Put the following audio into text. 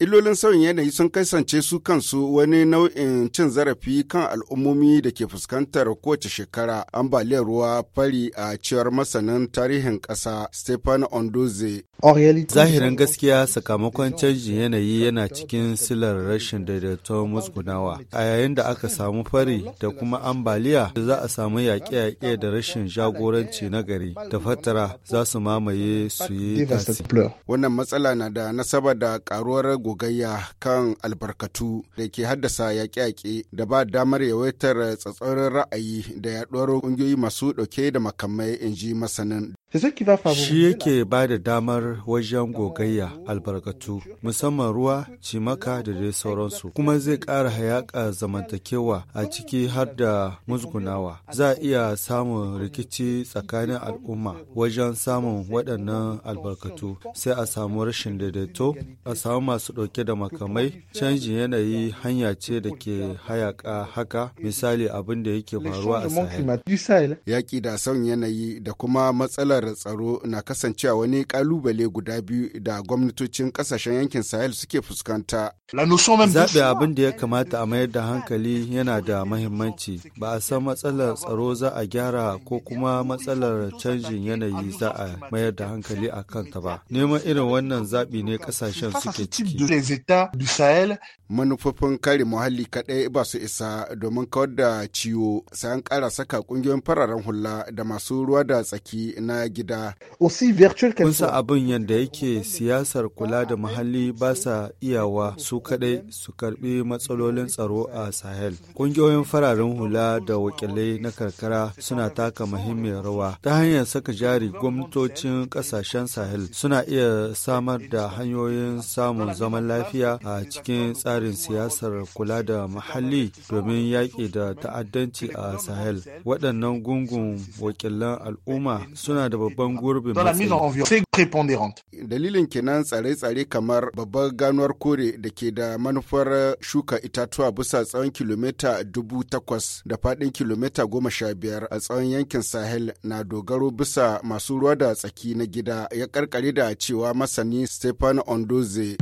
Illolin sauyin yanayi sun kasance su kansu wani nau'in cin zarafi kan al'ummomi da ke fuskantar kowace shekara ambaliyar ruwa fari a cewar masanin tarihin ƙasa Stefan Ondoze. Zahirin gaskiya sakamakon canjin yanayi yana cikin silar rashin daidaiton musgunawa. A yayin da aka samu fari da kuma ambaliya da za a samu yaƙe-yaƙe da rashin jagoranci na gari da fatara za su mamaye su yi Wannan matsala na da nasaba da ƙaruwar gogayya kan albarkatu da ke haddasa yaƙe-yaƙe da ba damar yawaitar tsatsauran ra'ayi da yaɗuwar ƙungiyoyi masu ɗauke da makamai in ji masanin Shi yake ba da damar wajen gogayya albarkatu, musamman ruwa, cimaka da dai sauransu, kuma zai ƙara hayaƙa zamantakewa a ciki har da musgunawa. Za a iya samun rikici tsakanin al'umma wajen samun waɗannan albarkatu, sai a samu rashin daidaito, a samu masu ɗauke da makamai, canjin yanayi hanya ce da ke hayaƙa haka, misali abin da yake faruwa a Sahel. Yaƙi da yanayi da kuma matsalar matsalar tsaro na kasancewa wani kalubale guda biyu da gwamnatocin kasashen yankin sahel suke fuskanta zaɓe abin da ya kamata a mayar da hankali yana da mahimmanci ba a san matsalar tsaro za a gyara ko kuma matsalar canjin yanayi za a mayar da hankali a kanta ba neman irin wannan zaɓi ne kasashen suke ciki manufofin kare muhalli kaɗai ba su isa domin kawar da ciwo sai an ƙara saka ƙungiyoyin fararen hula da masu ruwa da tsaki na gida. Kun sa abin yadda yake siyasar kula da muhalli ba sa iyawa su kaɗai su karɓi matsalolin tsaro a Sahel. Ƙungiyoyin fararen hula da wakilai na karkara suna taka muhimmiyar rawa. Ta hanyar saka jari gwamnatocin ƙasashen Sahel suna iya samar da hanyoyin samun zaman lafiya a cikin tsarin siyasar kula da muhalli domin yaƙi da ta'addanci a Sahel. Waɗannan gungun wakilan al'umma suna da da babban gurbin matsayi. Dalilin kenan tsare-tsare kamar babbar ganuwar kore da ke da manufar shuka itatuwa bisa tsawon kilomita dubu takwas da faɗin kilomita goma sha biyar a tsawon yankin Sahel na dogaro bisa masu ruwa da tsaki na gida ya karkare da cewa masani Stefan Ondoze.